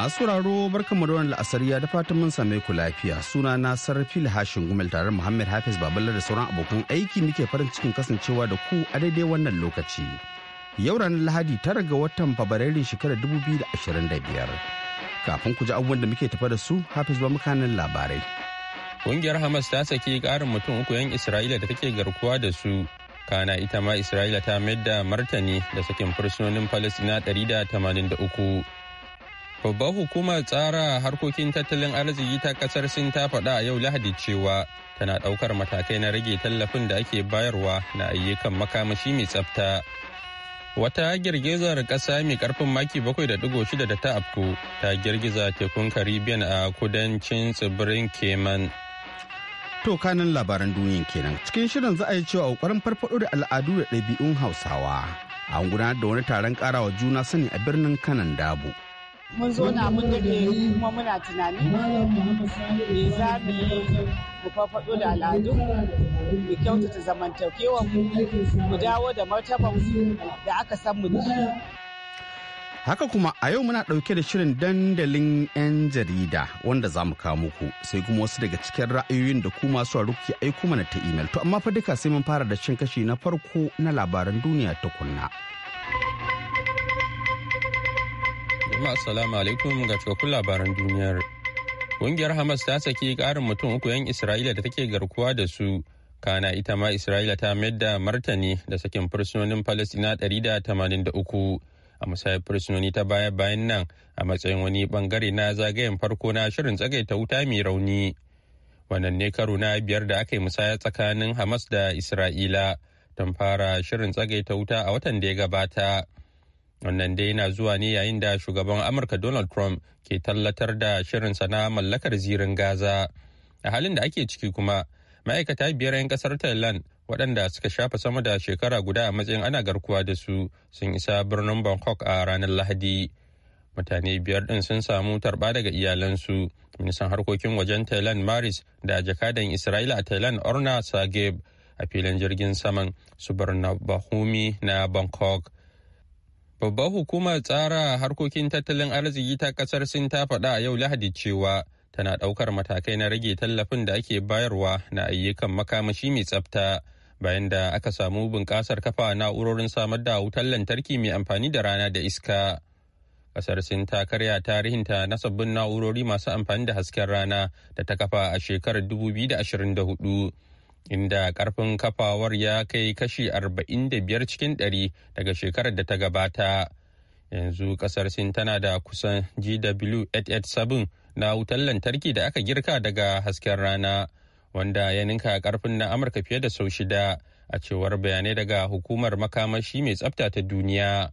Masu sauraro barkanmu da wannan ya da fatan mun same ku lafiya. Suna na Sarfil Hashin Gumel tare Muhammad Hafiz Babalar da sauran abokan aiki muke farin cikin kasancewa da ku a daidai wannan lokaci. Yau ranar Lahadi tara ga watan fabrairu shekarar 2025. Kafin ku ji abubuwan da muke tafa da su, Hafiz ba mukanin labarai. Kungiyar Hamas ta saki ƙarin mutum uku 'yan Isra'ila da take garkuwa da su kana ita ma isra'ila ta mayar da martani da sakin fursunonin falasina 183 Babbar hukumar tsara harkokin tattalin arziki ta kasar Sin ta faɗa a yau Lahadi cewa tana ɗaukar matakai na rage tallafin da ake bayarwa na ayyukan makamashi mai tsafta. Wata girgizar ƙasa mai ƙarfin maki 7.6 da ta afku ta girgiza tekun Caribbean a kudancin tsibirin Cayman. To kanan labaran duniyan kenan cikin shirin za a yi cewa ƙoƙarin farfaɗo da al'adu da ɗabi'un Hausawa. An gudanar da wani taron ƙarawa juna sani a birnin Kanan Dabo. mun zauna mun daɗe kuma muna tunani me za mu yi mu farfaɗo da Aladu mu kyautata zamantakewar mu dawo da martaban da aka san mu da Haka kuma a yau muna ɗauke da shirin dandalin 'yan jarida wanda za mu kawo muku sai kuma wasu daga cikin ra'ayoyin da ku masu ke aiko mana ta imel. To amma fa duka sai mun fara da cin kashi na farko na labaran duniya kunna. Jama'a assalamu alaikum ga cikakkun labaran duniyar. Ƙungiyar Hamas ta saki ƙarin mutum uku 'yan Isra'ila da take garkuwa da su. Kana ita ma Isra'ila ta mayar da martani da sakin fursunonin Falasina 183 a musayar fursunoni ta baya bayan nan a matsayin wani bangare na zagayen farko na shirin tsagaita wuta mai rauni. Wannan ne karo na biyar da aka yi musaya tsakanin Hamas da Isra'ila. tun fara shirin tsagaita wuta a watan da ya gabata Wannan dai yana zuwa ne yayin da shugaban Amurka Donald Trump ke tallatar da shirinsa na mallakar zirin Gaza. A halin da ake ciki kuma, ma'aikata biyar 'yan kasar Thailand waɗanda suka shafa sama da shekara guda a matsayin ana garkuwa da su sun isa birnin Bangkok a ranar Lahadi. Mutane biyar ɗin sun samu tarba daga iyalansu. Ministan harkokin wajen Thailand Maris da jakadan Isra'ila a Thailand Orna Sageb a filin jirgin saman su bahumi na Bangkok. Babbar hukumar tsara harkokin tattalin arziki ta kasar Sin ta faɗa a yau Lahadi cewa tana ɗaukar matakai na rage tallafin da ake bayarwa na ayyukan makamashi mai tsafta bayan da aka samu bunƙasar kafa na'urorin samar da wutar lantarki mai amfani da rana da iska. Kasar Sin ta karya tarihinta na sabbin na'urori masu amfani da hasken rana da ta kafa a shekarar 2024. inda karfin kafawar ya kai kashi 45 cikin 100 daga shekarar da ta gabata yanzu kasar sin tana da kusan gw 7 na wutar lantarki da aka girka daga hasken rana wanda ya ninka karfin na amurka fiye da sau shida a cewar bayanai daga hukumar makamashi mai tsafta ta duniya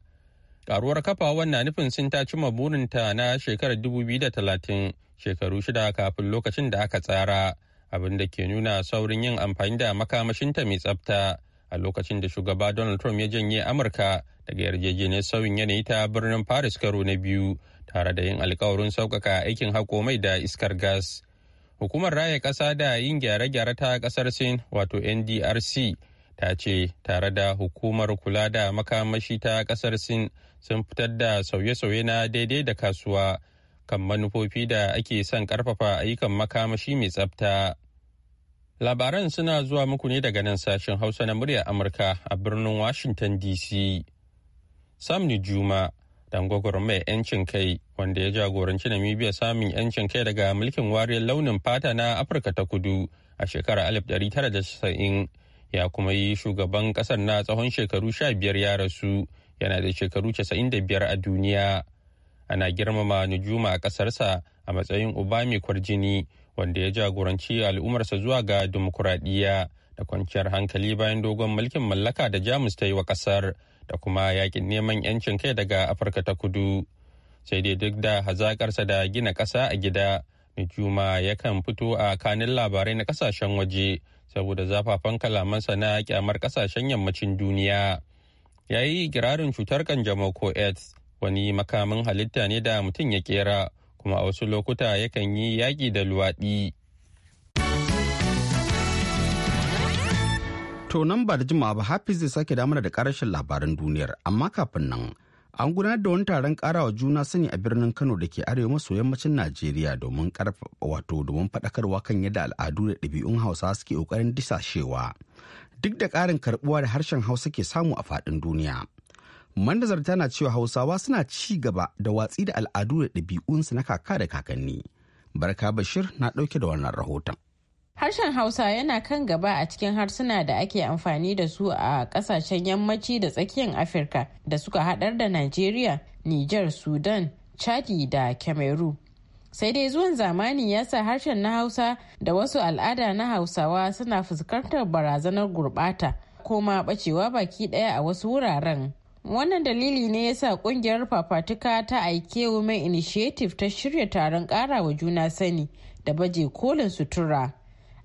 karuwar kafawar na nufin sun ta cima burinta na shekarar 2030 shekaru shida kafin lokacin da aka tsara abin da ke nuna saurin yin amfani da makamashinta mai tsafta a lokacin da shugaba donald trump ya janye amurka daga yarjejeniyar sauyin yanayi ta birnin paris karo na biyu tare da yin alkawarin sauƙaƙa aikin hako mai da iskar gas hukumar raya ƙasa da yin gyare-gyare ta ƙasar sin wato ndrc ta ce tare da hukumar kula da makamashi ta ƙasar sin sun fitar da sauye-sauye na daidai da kasuwa kan manufofi da ake son karfafa ayyukan makamashi mai tsabta Labaran suna zuwa muku ne daga nan sashen Hausa na muryar Amurka a birnin Washington DC. Sam Juma dan mai 'yancin kai wanda ya jagoranci Namibia samun 'yancin kai daga mulkin wariyar launin fata na Afirka ta kudu a shekarar 1990 ya kuma yi shugaban kasar na tsawon shekaru 15 ya rasu yana da shekaru 95 a duniya. ana girmama Nujuma a ƙasarsa a matsayin uba mai kwarjini wanda ya jagoranci al'ummarsa zuwa ga dimokuraɗiyya da kwanciyar hankali bayan dogon mulkin mallaka da Jamus ta yi wa ƙasar da kuma yaƙin neman 'yancin kai daga Afirka ta kudu. Sai dai duk da hazaƙarsa da gina ƙasa a gida, Nujuma yakan fito a kanin labarai na ƙasashen waje saboda zafafan kalamansa na kyamar ƙasashen yammacin duniya. Ya yi girarin cutar kanjamau ko AIDS wani makamin halitta ne da mutum ya kera kuma a wasu lokuta yakan yi yaƙi da luwaɗi. To nan ba da jimawa ba Hafiz zai sake damar da karashin labaran duniyar amma kafin nan an gudanar da wani taron karawa juna sani a birnin Kano da ke arewa maso yammacin Najeriya domin ƙarfafa wato domin faɗakarwa kan yadda al'adu da ɗabi'un Hausa suke ƙoƙarin disashewa duk da ƙarin karɓuwa da harshen Hausa ke samu a faɗin duniya. mandazar tana cewa Hausawa suna ci gaba da watsi da al'adu da ɗabi'unsu na kaka da kakanni. Barka Bashir na ɗauke da wannan rahoton. Harshen Hausa yana kan gaba a cikin harsuna da ake amfani da su a kasashen yammaci da tsakiyar Afirka da suka haɗar da Najeriya, Nijar, Sudan, Chadi da Cameroon. sai dai zuwan zamani ya sa harshen na hausa da wasu al'ada na hausawa suna fuskantar barazanar gurɓata ko ma bacewa baki ɗaya a wasu wuraren Wannan dalili ne ya sa kungiyar fafatuka ta aike Women Initiative ta shirya taron wa juna sani da baje kolin sutura,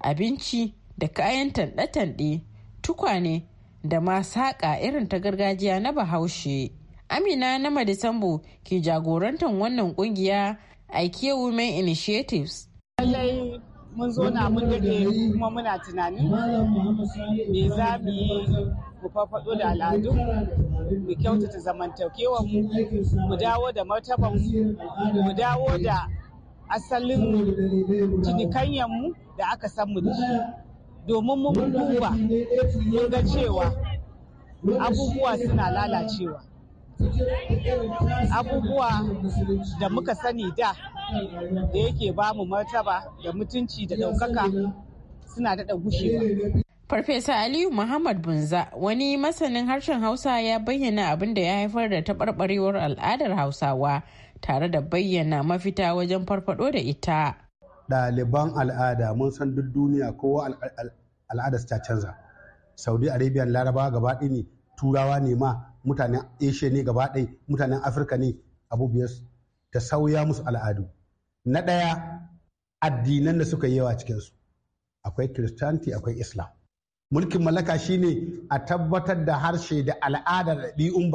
abinci da kayan tanɗe-tanɗe, tukwane da ma saƙa irin ta gargajiya na bahaushe. Amina na Madisambo ke jagorantar wannan kungiya aike Women Initiatives. mun zo na mun dade kuma muna tunanin me za mu yi mu farfaɗo da al'adun mu kyautata zamantakewa mu mu dawo da martaban mu dawo da asalin cinikanyar mu da aka san mu da shi domin mun duba mun ga cewa abubuwa suna lalacewa abubuwa da muka sani da da yake ba mu martaba da mutunci da ɗaukaka suna daɗa gushewa. Farfesa Aliyu Muhammad Bunza wani masanin harshen Hausa ya bayyana abin da ya haifar da taɓarɓarewar al'adar Hausawa tare da bayyana mafita wajen farfaɗo da ita. Ɗaliban al'ada mun san duk duniya kowa al'adar ta canza. Saudi Arabia Laraba gaba ne Turawa ne ma mutanen asia ne gaba ɗaya mutanen afirka ne abubuwa ta sauya musu al'adu na ɗaya addinan da suka yi yawa cikinsu akwai kiristanti akwai islam mulkin mallaka shine a tabbatar da harshe da al'adar ɗi'un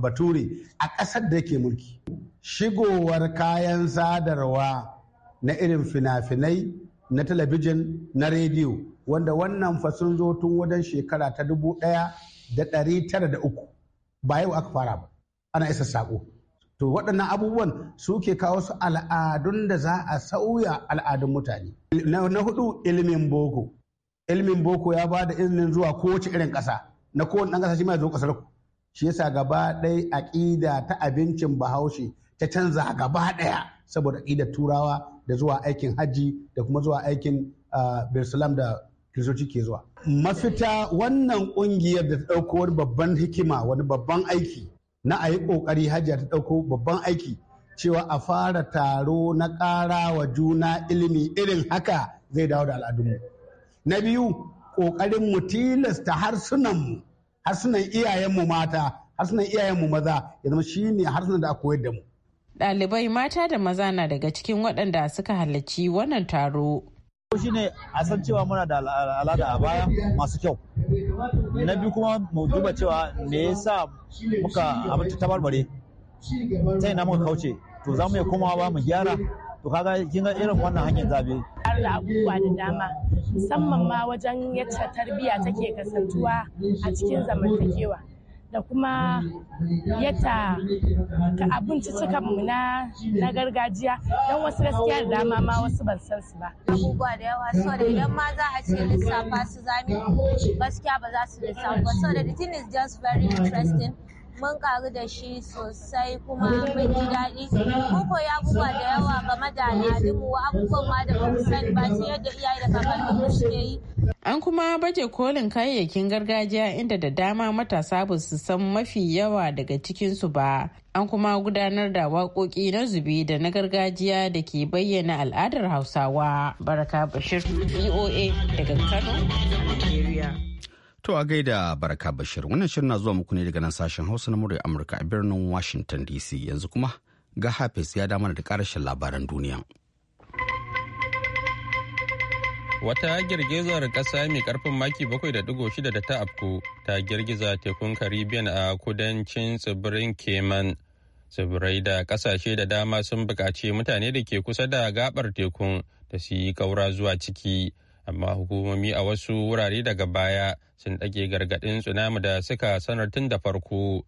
bature a ƙasar da ke mulki shigowar kayan sadarwa na irin fina-finai na talabijin na rediyo wanda wannan fa zo tun wajen shekara ta dubu ɗaya da ɗari tara da uku ba yau aka fara ba ana isa sako to waɗannan abubuwan suke kawo su al'adun da za a sauya al'adun mutane na hudu ilimin boko ilimin boko ya ba da izinin zuwa kowace irin ƙasa na kowane ɗan ƙasa shi mai zo ƙasar ku shi yasa gaba ɗaya aƙida ta abincin bahaushe ta canza gaba ɗaya saboda aƙidar turawa da zuwa aikin hajji da kuma zuwa aikin ah, birsalam da kiristoci ke zuwa mafita wannan kungiyar da ta ɗauko wani babban hikima wani babban aiki na a yi ƙoƙari hajiya ta ɗauko babban aiki cewa a fara taro na ƙara wa juna ilimi irin haka zai dawo da al'adunmu na biyu ƙoƙarin mu tilasta harsunanmu harsunan iyayenmu mata harsunan iyayenmu maza ya zama shine harsunan da a koyar da mu ɗalibai mata da maza na daga cikin waɗanda suka halarci wannan taro shi ne a san cewa muna da al'ada a baya masu kyau na biyu kuma mu duba cewa me yasa muka abinci ta barbare ta ina muka kauce to za mu iya komawa ba mu gyara to kaga kin ga irin wannan hanyar zabe har da abubuwa da dama musamman ma wajen yacce tarbiyya take kasantuwa a cikin zamantakewa da kuma yadda abinciccikanmu na na gargajiya don wasu gaskiya da dama ma wasu ban san su ba abubuwa da yawa so da idan ma za a ce lissafa su zami gaskiya ba za su lissafa so the thing is just very interesting mun karu da shi sosai kuma mun ji daɗi mun koyi abubuwa da yawa game da al'adunmu abubuwan ma da ba mu sani ba sai yadda iyaye da kakanninmu suke yi An kuma baje kolin kayayyakin gargajiya inda da dama matasa ba su san mafi yawa daga cikinsu ba. An kuma gudanar da waƙoƙi na zube da na gargajiya da ke bayyana al'adar Hausawa. Baraka Bashir, BOA daga Kano. To a gaida Baraka Bashir wannan shirin na zuwa muku ne daga nan sashen Hausa na murya Amurka a birnin Washington DC yanzu kuma ga Hafiz ya damar da karashin labaran duniya. Wata girgizar ƙasa mai ƙarfin maki 7.6 da ta afku ta girgiza tekun Caribbean a kudancin tsibirin Cayman. Tsibirai da ƙasashe da dama sun bukaci mutane da ke kusa da gabar tekun da su yi ƙaura zuwa ciki. amma hukumomi a wasu wurare daga baya sun ɗage gargaɗin tsunami da suka sanar tun da farko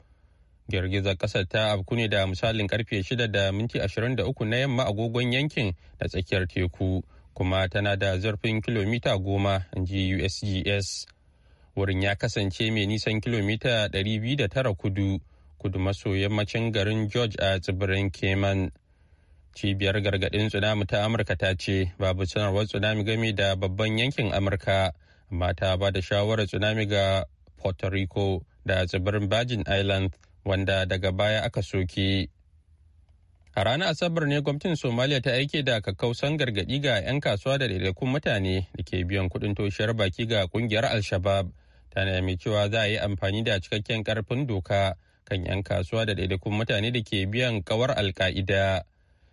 girgizar ƙasar ta afku ne da misalin karfe 6 da minti 23 na yamma agogon yankin da tsakiyar teku kuma tana da zurfin kilomita 10 in ji usgs wurin ya kasance mai nisan kilomita 209 kudu kudu maso yammacin garin george a tsibirin cayman cibiyar gargadin tsunami ta amurka ta ce babu sanarwar tsunami gami da babban yankin amurka amma ta ba da shawarar tsunami ga puerto rico da tsibirin virgin island wanda daga baya aka soke a ranar asabar ne gwamnatin somaliya ta aike da kakkausan gargadi ga 'yan kasuwa da daidaikun mutane da ke biyan kudin toshiyar baki ga ƙungiyar al-shabab tana mai cewa za a yi amfani da cikakken karfin doka kan 'yan kasuwa da daidaikun mutane da ke biyan kawar alka'ida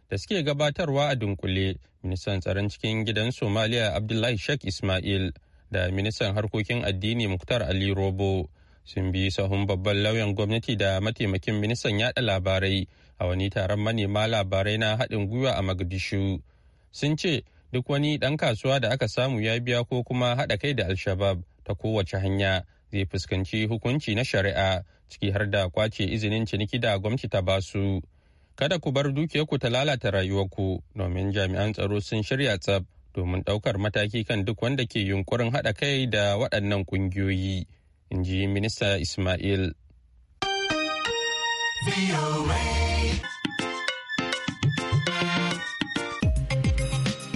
da suke gabatarwa a dunkule ministan tsaron cikin gidan somaliya abdullahi sheikh ismail da ministan harkokin addini muktar ali robo sun bi sahun babban lauyan gwamnati da mataimakin ministan yada labarai a wani taron manema labarai na haɗin gwiwa a magadishu sun ce duk wani ɗan kasuwa da aka samu ya biya ko kuma haɗa kai da alshabab ta kowace hanya zai fuskanci hukunci na shari'a ciki har da kwace izinin ciniki da gwamnati ta basu. kada ku bar dukiyarku ta lalata rayuwarku domin jami'an tsaro sun shirya tsab domin ɗaukar mataki kan duk wanda ke yunkurin haɗa kai da waɗannan ƙungiyoyi in ji minista ismail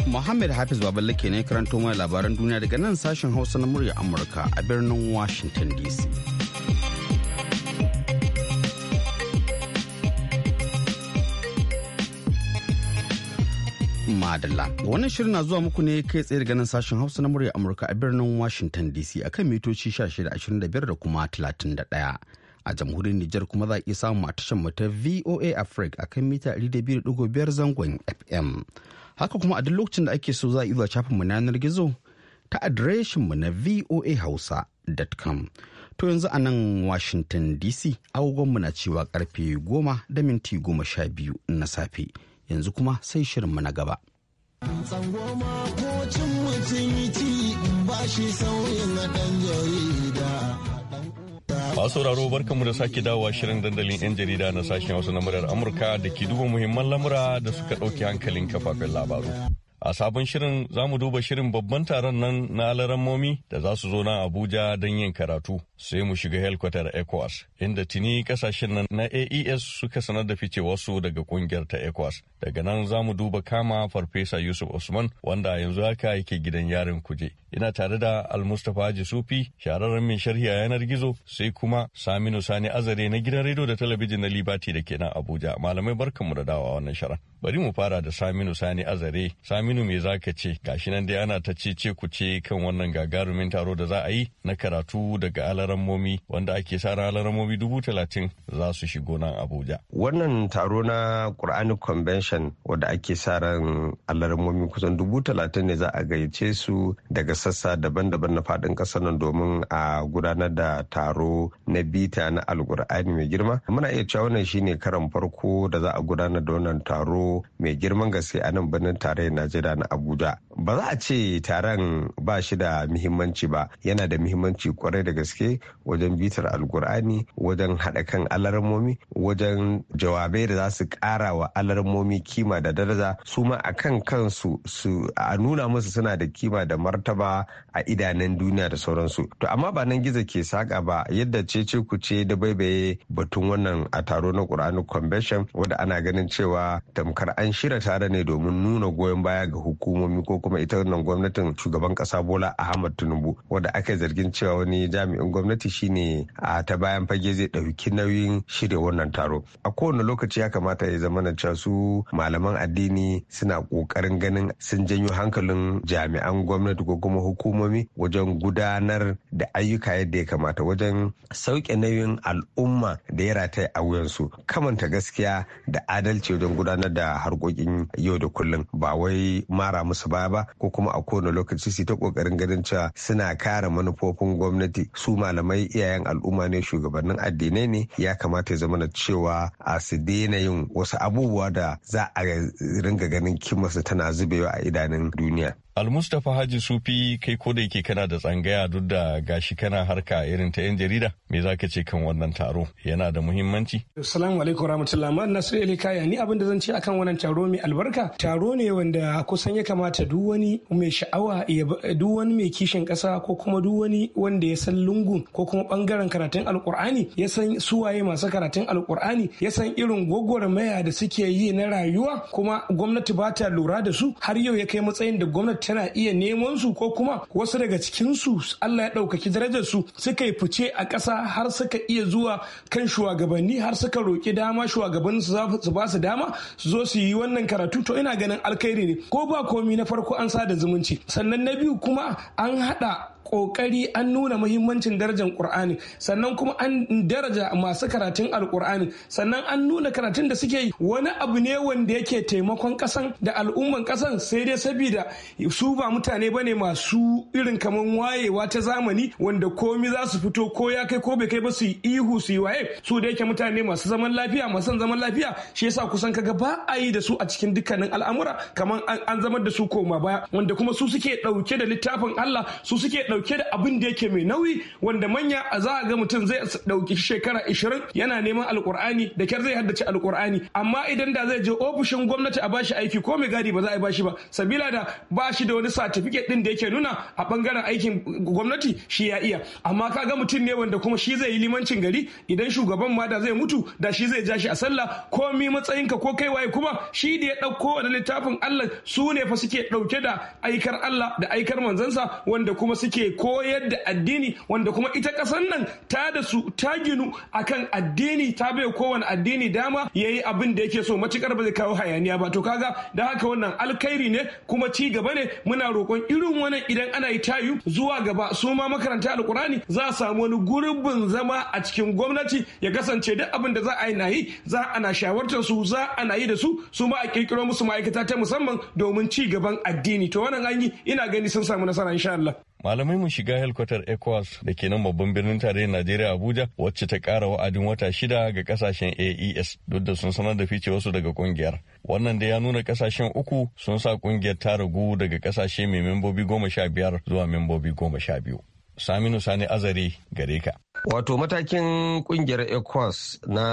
Muhammad Hafiz Baballe ke ne karanto mai labaran duniya daga nan sashen Hausa na murya Amurka a birnin Washington DC. Madalla. Wannan shirin na zuwa muku ne kai tsaye daga nan sashen Hausa na murya Amurka a birnin Washington DC akan mitoci 1625 da kuma 31. A jamhuriyar Nijar kuma za a iya samun a tashar mu ta VOA Africa akan mita 200.5 zangon FM. Haka kuma a duk lokacin da ake so za a iya shafin mu yanar gizo ta adireshin mu na voahausa.com. To yanzu a nan Washington DC agogon na cewa karfe goma da minti goma sha biyu na safe. yanzu kuma sai shirinmu na gaba. tsango makocin cin mutunci ba shi na jarida. Masu sauraro barkanmu da sake dawowa shirin dandalin 'yan jarida na sashen Hausa na muryar Amurka da ke duba muhimman lamura da suka ɗauki hankalin kafafen labaru. A sabon shirin za mu duba shirin babban taron nan na alarammomi da za su zo na Abuja don yin karatu sai mu shiga helkwatar ECOWAS inda tuni kasashen nan na AES suka sanar da ficewarsu daga kungiyar ta ECOWAS. Daga nan za mu duba kama Farfesa Yusuf Usman wanda yanzu haka yake gidan yarin kuje. Ina tare da Almustapha Haji Sufi shararren mai sharhi yanar gizo sai kuma Saminu Sani Azare na gidan rediyo da talabijin na Libati da ke nan Abuja. Malamai barkanmu da dawa wannan shara. Bari mu fara da Saminu Sani Azare. Aminu me za ka ce gashi nan dai ana ta ce ce ku ce kan wannan gagarumin taro da za a yi na karatu daga alarammomi wanda ake sa ran alarammomi dubu talatin za su shigo nan Abuja. Wannan taro na qur'ani Convention wanda ake sa ran alarammomi kusan dubu talatin ne za a gayyace su daga sassa daban-daban na fadin kasa nan domin a gudanar da taro na bita na alkur'ani mai girma muna iya cewa wannan shine karan farko da za a gudanar da wannan taro mai girman gaske a nan birnin tarayyar najeriya kira na abuja ba za a ce taron ba shi da muhimmanci ba yana da muhimmanci kwarai da gaske wajen bitar alkur'ani wajen haɗa kan alarmomi wajen jawabai da za su ƙara wa alarmomi kima da daraja su ma a kan kansu su a nuna musu suna da kima da martaba a idanun duniya da sauransu to amma ba nan gizo ke saƙa ba yadda ce ce ku ce da baibaye batun wannan a taro na ƙur'ani convention wanda ana ganin cewa tamkar an shirya tare ne domin nuna goyon baya ga hukumomi ko kuma ita wannan gwamnatin shugaban kasa bola ahmad tinubu wanda aka zargin cewa wani jami'in gwamnati shine a ta bayan fage zai ɗauki nauyin shirya wannan taro a kowane lokaci ya kamata ya zama na cewa su malaman addini suna ƙoƙarin ganin sun janyo hankalin jami'an gwamnati ko kuma hukumomi wajen gudanar da ayyuka yadda ya kamata wajen sauke nauyin al'umma da ya rataya a wuyansu kamanta gaskiya da adalci wajen gudanar da harkokin yau da kullum ba wai mara musu baya ba ko kuma a kowane lokaci su ta kokarin ganin cewa suna kare manufofin gwamnati su malamai iyayen al'umma ne shugabannin addinai ne ya kamata ya zama na cewa a su daina yin wasu abubuwa da za a ringa ganin kimasa tana zubewa a idanun duniya. Almustapha Haji Sufi kai ko da yake kana da tsangaya duk da gashi kana harka irin ta 'yan jarida me za ka ce kan wannan taro yana da muhimmanci. Assalamu alaikum warahmatullahi ma Nasir Ali Kaya ni abin da zan ce akan wannan taro mai albarka taro ne wanda kusan ya kamata duk wani mai sha'awa duk wani mai kishin ƙasa ko kuma duk wani wanda ya san lungu ko kuma bangaren karatun alkur'ani ya san suwaye masu karatun alkur'ani ya san irin gwagwarmaya da suke yi na rayuwa kuma gwamnati ba ta lura da su har yau ya kai matsayin da gwamnati tana iya neman su ko kuma wasu daga cikin su Allah ya ɗaukaki darajar su suka yi fice a ƙasa har suka iya zuwa kan shugabanni har suka roƙi dama shugabannin su ba su dama su zo su yi wannan karatu to ina ganin alkhairi ne ko ba komi na farko an sada zumunci sannan na biyu kuma an haɗa kokari an nuna muhimmancin darajar qur'ani sannan kuma an daraja masu karatun alqur'ani sannan an nuna karatun da suke yi wani abu ne wanda yake taimakon kasan da al'umman kasan sai dai saboda su ba mutane bane masu irin kaman wayewa ta zamani wanda komi za su fito ko ya kai ko bai kai ba su yi ihu su yi waye su da yake mutane masu zaman lafiya masu zaman lafiya shi yasa kusan kaga ba a yi da su a cikin dukkanin al'amura kaman an zama da su koma baya wanda kuma su suke dauke da littafin Allah su suke dauke da abin da yake mai nauyi wanda manya a za a ga mutum zai dauki shekara 20 yana neman alkur'ani da kyar zai haddace alkur'ani amma idan da zai je ofishin gwamnati a bashi aiki ko mai gadi ba za a bashi ba sabila da bashi da wani certificate din da yake nuna a bangaren aikin gwamnati shi ya iya amma ka ga mutum ne wanda kuma shi zai yi limancin gari idan shugaban ma da zai mutu da shi zai ja shi a sallah ko komi matsayinka ko kai waye kuma shi da ya dauko wani littafin Allah su ne fa suke dauke da aikar Allah da aikar manzansa wanda kuma suke ke koyar da addini wanda kuma ita ƙasar nan ta da su ta ginu akan addini ta bai kowane addini dama ya yi abin da yake so matukar ba zai kawo hayaniya ba to kaga da haka wannan alkhairi ne kuma ci gaba ne muna roƙon irin wani idan ana yi tayu zuwa gaba su ma makaranta alkurani za a samu wani gurbin zama a cikin gwamnati ya kasance duk abin da za a yi na yi za ana shawartar su za na yi da su su ma a kirkiro musu ma'aikata ta musamman domin ci gaban addini to wannan an yi ina gani sun samu nasara insha Allah malamai mu shiga helkwatar ecowas da ke nan babban birnin tarayyar najeriya abuja wacce ta kara wa'adin wata shida ga kasashen aes duk da sun sanar da fice wasu daga kungiyar wannan da ya nuna kasashen uku sun sa kungiyar ta ragu daga kasashe mai membobi goma sha biyar zuwa membobi goma sha biyu saminu sani azare gare ka Wato matakin kungiyar ECOWAS na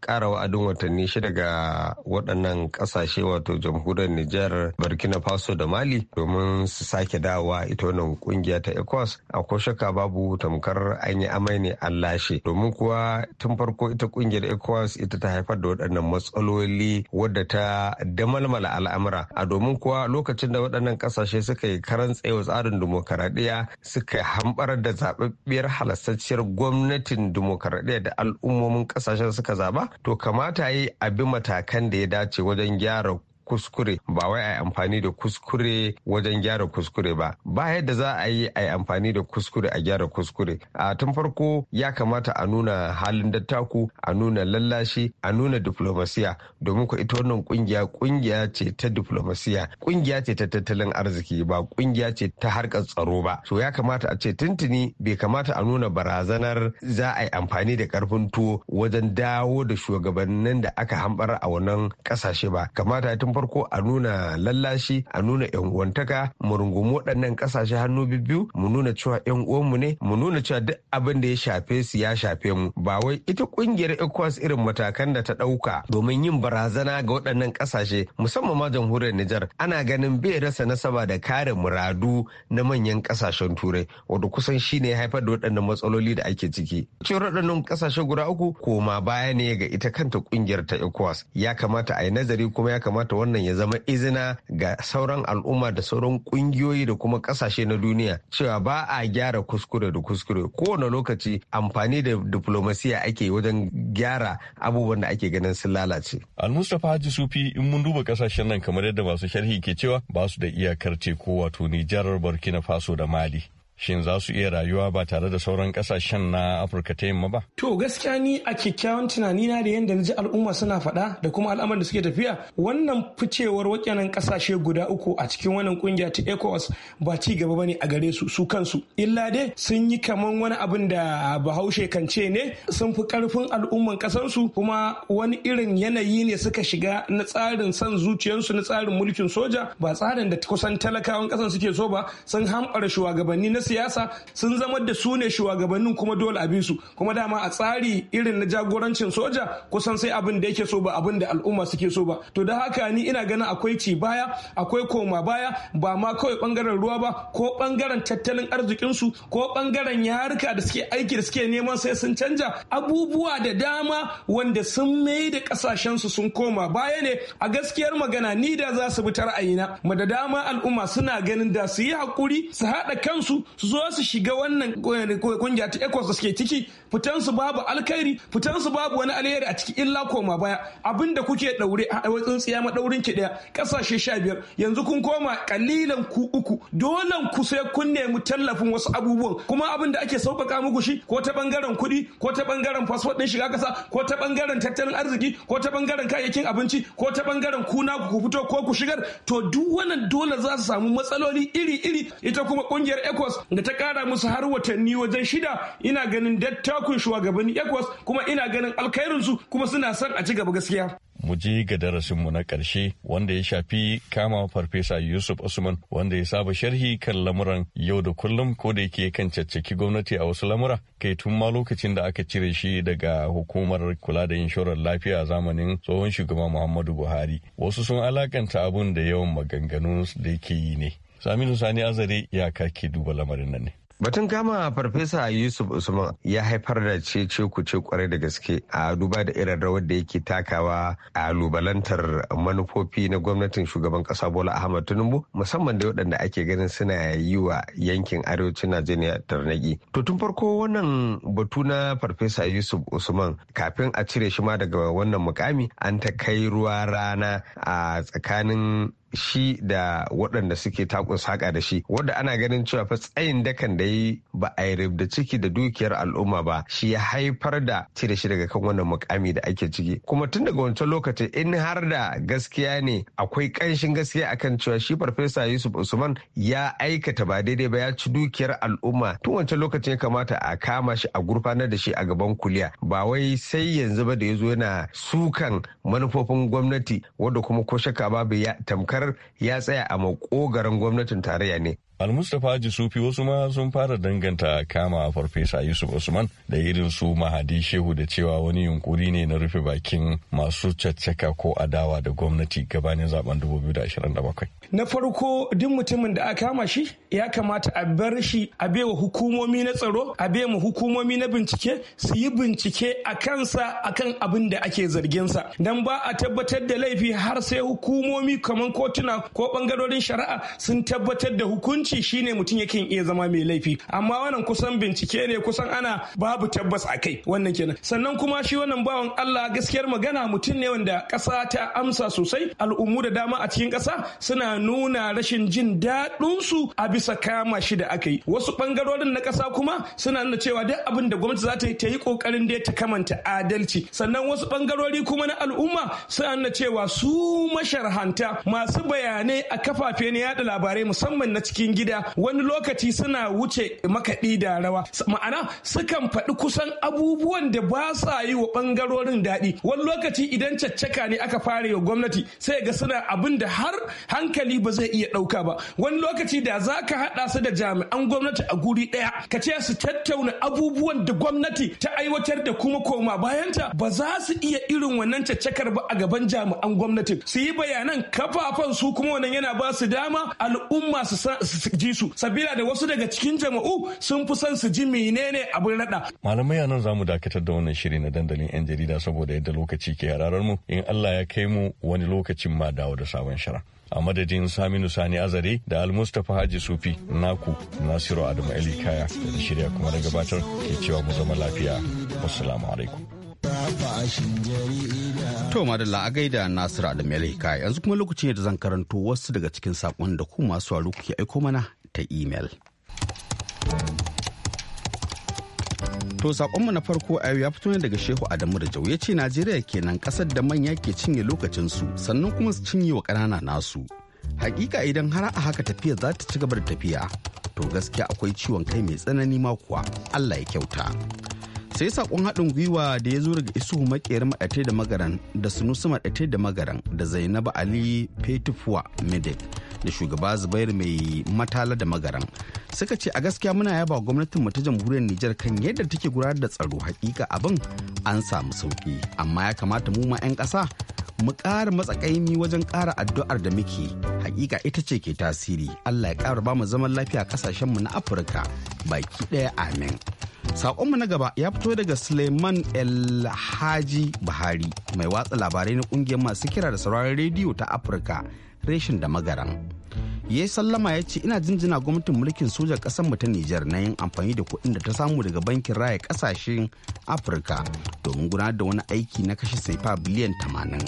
ƙara wa'adin watanni shida ga waɗannan ƙasashe wato jamhuriyar Nijar, Burkina Faso da Mali domin su sake dawowa ita wannan kungiya ta ECOWAS a ko shaka babu tamkar an yi amai ne an lashe domin kuwa tun farko ita kungiyar ECOWAS ita ta haifar da waɗannan matsaloli wadda ta damalmala al'amura a domin kuwa lokacin da waɗannan ƙasashe suka yi karan tsaye tsarin dimokuraɗiyya suka hambar da zaɓaɓɓiyar halastacciyar gwamnatin dimokuraɗiyya da al'ummomin ƙasashen suka zaba to kamata yi a bi matakan da ya dace wajen gyara kuskure ba wai a amfani da kuskure wajen gyara kuskure ba ba yadda za a yi a amfani da kuskure a gyara kuskure a tun farko ya kamata a nuna halin dattaku a nuna lallashi a nuna diplomasiya domin ku ita wannan kungiya kungiya ce ta diplomasiya kungiya ce ta tattalin arziki ba kungiya ce ta harkar tsaro ba so ya kamata a ce tuntuni bai kamata a nuna barazanar za a yi amfani da karfin tuwo wajen dawo da shugabannin da aka hambar a wannan kasashe ba kamata tun farko a nuna lallashi a nuna yan uwantaka mu rungumi waɗannan ƙasashe hannu biyu mu nuna cewa yan uwanmu ne mu nuna cewa duk abin da ya shafe su ya shafe mu ba wai ita ƙungiyar ECOWAS irin matakan da ta ɗauka domin yin barazana ga waɗannan ƙasashe musamman ma jamhuriyar Nijar ana ganin bai rasa nasaba da kare muradu na manyan ƙasashen turai wanda kusan shine haifar da waɗannan matsaloli da ake ciki. Cewar waɗannan ƙasashe guda uku koma baya ne ga ita kanta ƙungiyar ta ECOWAS ya kamata a yi nazari kuma ya kamata wani wannan ya zama izina ga sauran al'umma da sauran kungiyoyi da kuma kasashe na duniya cewa ba a gyara kuskure da kuskure kowane lokaci amfani da diplomasiya ake wajen gyara abubuwan da ake ganin sun lalace. Al-Mustapha Haji Sufi in mun duba kasashen nan kamar yadda masu sharhi ke cewa ba su da iyakar teku wato Nijar Burkina Faso da Mali. shin za su iya rayuwa ba tare da sauran kasashen na afirka ta yamma ba to gaskiya ni a kyakkyawan tunani na da yadda na al'umma suna faɗa da kuma al'amarin da suke tafiya wannan ficewar wakilan kasashe guda uku a cikin wannan kungiya ta ecowas ba ci gaba ba ne a gare su su kansu illa dai sun yi kaman wani abin da bahaushe kan ce ne sun fi karfin al'umman kasansu kuma wani irin yanayi ne suka shiga na tsarin san zuciyarsu na tsarin mulkin soja ba tsarin da kusan talakawan kasan suke so ba sun hamɓar shugabanni na siyasa sun zama da su ne shugabannin kuma dole abin su kuma dama a tsari irin na jagorancin soja kusan sai abin da yake so ba abin da al'umma suke so ba to da haka ni ina ganin akwai ci baya akwai koma baya ba ma kawai bangaren ruwa ba ko bangaren tattalin arzikin su ko bangaren yaruka da suke aiki da suke neman sai sun canja abubuwa da dama wanda sun mai da kasashen su sun koma baya ne a gaskiyar magana ni da za su bi ta ra'ayina ma da dama al'umma suna ganin da su yi hakuri su haɗa kansu su zo su shiga wannan kungiya ta Ecos da suke ciki fitansu babu alkhairi fitansu babu wani alheri a ciki illa koma baya abinda kuke daure a ma daurin ki daya kasashe sha biyar yanzu kun koma kalilan ku uku dolan ku sai kun nemi tallafin wasu abubuwan kuma abinda ake sauƙaƙa muku shi ko ta bangaren kuɗi ko ta bangaren fasfot din shiga ƙasa ko ta bangaren tattalin arziki ko ta bangaren kayayyakin abinci ko ta bangaren kuna ku fito ko ku shigar to duk wannan dole za su samu matsaloli iri-iri ita kuma kungiyar ecos da ta kara musu har watanni wajen shida ina ganin dattawa takun shugabanni ECOWAS kuma ina ganin alkhairinsu kuma suna son a ci gaba gaskiya. mu je ga darasinmu na ƙarshe wanda ya shafi kama farfesa yusuf usman wanda ya saba sharhi kan lamuran yau da kullum ko da yake kan caccaki gwamnati a wasu lamura kai tun ma lokacin da aka cire shi daga hukumar kula da inshorar lafiya a zamanin tsohon shugaba muhammadu buhari wasu sun alakanta abun da yawan maganganu da yake yi ne saminu sani azare ya kake duba lamarin nan ne Batun kama Farfesa Yusuf Usman ya haifar da ce ku ce kwarai da gaske a duba da irin rawar da yake takawa a lubalantar manufofi na gwamnatin shugaban kasa Bola Ahmad Tinubu musamman da waɗanda ake ganin suna yi wa yankin arewacin Najeriya tarnaki. To tun farko wannan batu na Farfesa Yusuf Usman kafin a cire shi ma daga wannan mukami an ta kai ruwa rana a tsakanin shi da waɗanda suke takun saƙa da shi wanda ana ganin cewa fa tsayin dakan da yi ba a yi da ciki da dukiyar al'umma ba shi ya haifar da cire shi daga kan wannan mukami da ake ciki kuma tun daga wancan lokaci in har da gaskiya ne akwai ƙanshin gaskiya akan cewa shi farfesa yusuf usman ya aikata ba daidai ba ya ci dukiyar al'umma tun wancan lokacin ya kamata a kama shi a gurfanar da shi a gaban kuliya ba wai sai yanzu ba da ya zo yana sukan manufofin gwamnati wadda kuma ko shakka babu ya tamka takarar ya tsaya a makogarin gwamnatin tarayya ne almustapha jisufi wasu ma sun fara danganta kama farfesa yusuf usman da irin su mahadi shehu da cewa wani yunkuri ne na rufe bakin masu caccaka ko adawa da gwamnati gabanin zaben 2027 na farko duk mutumin da aka kama shi ya kamata a bar shi a baiwa hukumomi na tsaro a bewa hukumomi na bincike su yi bincike a kansa akan abin da ake zarginsa dan ba a tabbatar da laifi har sai hukumomi kamar kotuna ko bangarorin shari'a sun tabbatar da hukunci hukunci shine mutum yake iya zama mai laifi amma wannan kusan bincike ne kusan ana babu tabbas a kai wannan kenan sannan kuma shi wannan bawan Allah gaskiyar magana mutum ne wanda ƙasa ta amsa sosai al'ummu da dama a cikin ƙasa suna nuna rashin jin daɗinsu a bisa kama shi da aka yi wasu ɓangarorin na ƙasa kuma suna nuna cewa duk abin da gwamnati za ta yi ta yi ƙoƙarin da ta kamanta adalci sannan wasu ɓangarori kuma na al'umma suna nuna cewa su masharhanta masu bayanai a kafafen na yada labarai musamman na cikin gida wani lokaci suna wuce makaɗi da rawa ma'ana sukan faɗi kusan abubuwan da ba sa yi wa ɓangarorin daɗi wani lokaci idan caccaka ne aka fara wa gwamnati sai ga suna abin da har hankali ba zai iya ɗauka ba wani lokaci da za ka haɗa su da jami'an gwamnati a guri ɗaya ka ce su tattauna abubuwan da gwamnati ta aiwatar da kuma koma bayanta ba za su iya irin wannan caccakar ba a gaban jami'an gwamnati su yi bayanan kafafen su kuma wannan yana ba su dama al'umma su ji su sabila da wasu daga cikin jama'u sun fi son su ji menene abin rada malamai nan zamu dakatar da wannan shiri na dandalin yan jarida saboda yadda lokaci ke yararar mu in Allah ya kai mu wani lokacin ma dawo da sabon shara a madadin saminu sani azare da almustapha haji sufi naku nasiru adamu ali kaya da shirya kuma da gabatar ke cewa mu zama lafiya wassalamu alaikum To madalla a gaida Nasiru Adam Yalaika yanzu kuma lokaci ne da zan karanto wasu daga cikin saƙon da ku masu waro aiko mana ta imel. To saƙonmu na farko a yau ya fito ne daga Shehu Adamu da Jau ya ce Najeriya kenan ƙasar da manya ke cinye lokacin su sannan kuma su cinye wa ƙanana nasu. Hakika idan har a haka tafiya za ta ci gaba da tafiya to gaskiya akwai ciwon kai mai tsanani ma kuwa Allah ya kyauta. sai sakon haɗin gwiwa da ya zo daga isu makiyar maɗatai da magaran da sunusu maɗatai da magaran da zainabu ali fetufuwa medek da shugaba zubair mai matala da magaran suka ce a gaskiya muna yaba gwamnatin mu ta jamhuriyar nijar kan yadda take gudanar da tsaro hakika abin an samu sauki amma ya kamata mu ma 'yan ƙasa mu ƙara matsakaimi wajen ƙara addu'ar da muke hakika ita ce ke tasiri allah ya ƙara ba mu zaman lafiya ƙasashenmu na afirka baki ɗaya amin Saƙonmu na gaba ya fito daga Suleiman Elhaji Buhari mai watsa labarai na ƙungiyar masu kira da sauraron rediyo ta Afirka reshin da magaran. Ya yi sallama ya ce ina jinjina gwamnatin mulkin soja ƙasar mu ta Nijar na yin amfani da kuɗin da ta samu daga bankin raya ƙasashen Afirka domin gudanar da wani aiki na kashe saifa biliyan tamanin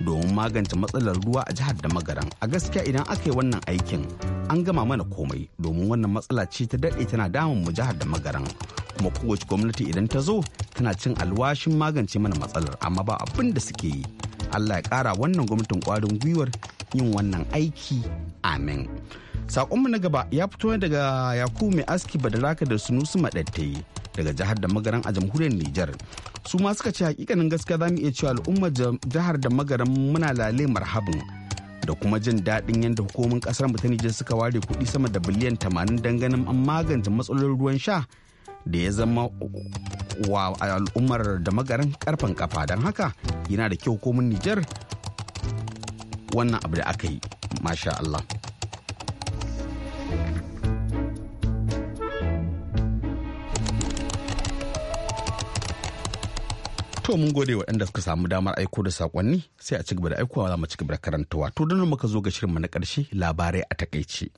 domin magance matsalar ruwa a jihar da magaran a gaskiya idan aka yi wannan aikin an gama mana komai domin wannan matsala ce ta daɗe tana damun mu jihar da magaran kuma kowace gwamnati idan ta zo tana cin alwashin magance mana matsalar amma ba abin da suke yi allah ya ƙara wannan gwamnatin kwarin gwiwar yin wannan aiki amin saƙonmu na gaba ya fito daga yakubu mai aski badaraka da sunusu maɗattai daga jihar da magaran a jamhuriyar Nijar su ma suka ce hakikanin gaskiya za mu iya cewa al'ummar jihar da magaran muna lale marhabin da kuma jin daɗin yadda hukumomin ƙasar mu ta Nijar suka ware kuɗi sama da biliyan tamanin don ganin an magance matsalolin ruwan sha da ya zama wa al'ummar da magaran karfan kafa don haka yana da kyau hukumomin Nijar wannan abu da aka yi masha Allah. To mun gode waɗanda suka samu damar aiko da sakonni sai a cigaba da aikowa za mu cigaba da karantawa. To don muka zo ga shirinmu na ƙarshe labarai a takaice.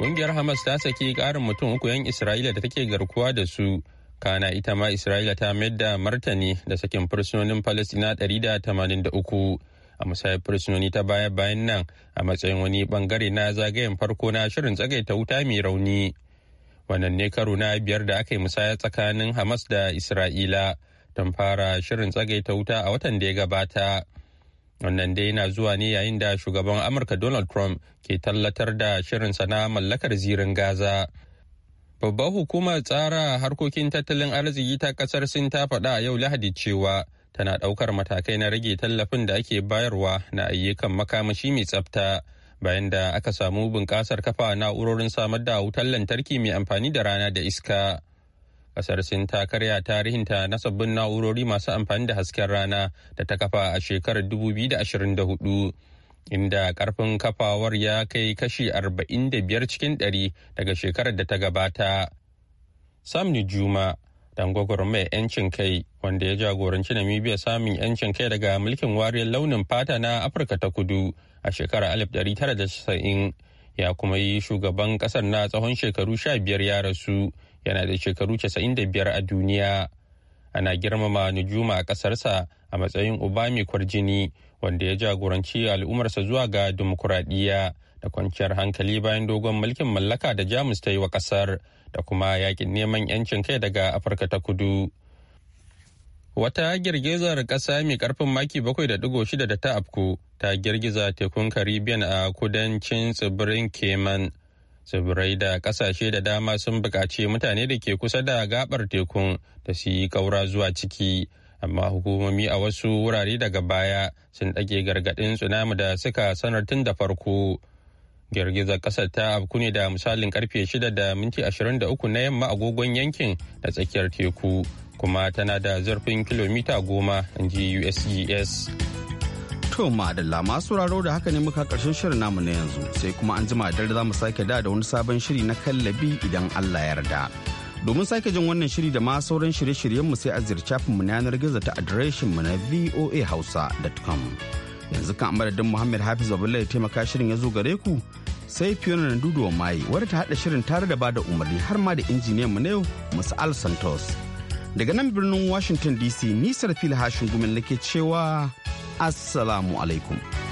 Ƙungiyar Hamas ta saki ƙarin mutum uku 'yan Isra'ila da take garkuwa da su. Kana ita ma Isra'ila ta mayar da martani da sakin fursunonin Falasina 183 a musayar fursunoni ta baya bayan nan a matsayin wani bangare na zagayen farko na shirin tsagaita wuta mai rauni. wannan ne karo na biyar da aka yi musaya tsakanin hamas da isra'ila don fara shirin tsagaita wuta a watan da ya gabata wannan dai yana zuwa ne yayin da shugaban amurka donald trump ke tallatar da shirinsa na mallakar zirin gaza babbar hukumar tsara harkokin tattalin arziki ta kasar sin ta faɗa a yau lahadi cewa tana ɗaukar matakai na rage tallafin da ake bayarwa na ayyukan makamashi mai tsafta bayan da aka samu bunƙasar kafa na'urorin samar da wutar lantarki mai amfani da rana da iska kasar sin ta karya tarihinta na sabbin na'urori masu amfani da hasken rana da ta kafa a shekarar 2024 inda karfin kafawar ya kai kashi 45 cikin 100 daga shekarar da ta gabata sam juma dan mai 'yancin kai wanda ya jagoranci namibia samun 'yancin kai daga mulkin wariyar launin fata na afirka ta kudu a shekarar 1990 ya kuma yi shugaban kasar na tsawon shekaru 15 ya rasu yana da shekaru 95 a duniya ana girmama nujuma a kasarsa a matsayin uba mai kwarjini wanda ya jagoranci al'ummarsa zuwa ga dimokuraɗiyya da kwanciyar hankali bayan dogon mulkin mallaka da jamus ta yi wa kasar da kuma yakin neman 'yancin kai daga afirka ta kudu. Wata girgizar ƙasa mai ƙarfin maki 7.6 da ta afku ta girgiza tekun Caribbean a kudancin tsibirin Cayman. Tsibirai da ƙasashe da dama sun buƙaci mutane da ke kusa da gabar tekun da su yi ƙaura zuwa ciki, amma hukumomi a wasu wurare daga baya sun ɗage gargaɗin tsunami da suka sanar tun da farko. girgizar kasar ta afku ne da misalin karfe 6 da minti 23 na yamma agogon yankin da tsakiyar teku kuma tana da zurfin kilomita goma in ji usgs to madalla masu raro da haka ne muka karshen shirin namu na yanzu sai kuma an jima dare za mu sake da da wani sabon shiri na kallabi idan allah yarda domin sake jin wannan shiri da ma sauran shirye-shiryenmu sai a ziyarci mu na yanar gizo ta mu na voa hausa.com yanzu kan amadadin muhammad hafiz abdullahi taimaka shirin ya zo gare ku sai fiona na duduwa maye wadda ta haɗa shirin tare da bada umarni har ma da injiniyan mu na yau musu al santos daga nan birnin washington dc nisar fil hashin gumin nake cewa assalamu alaikum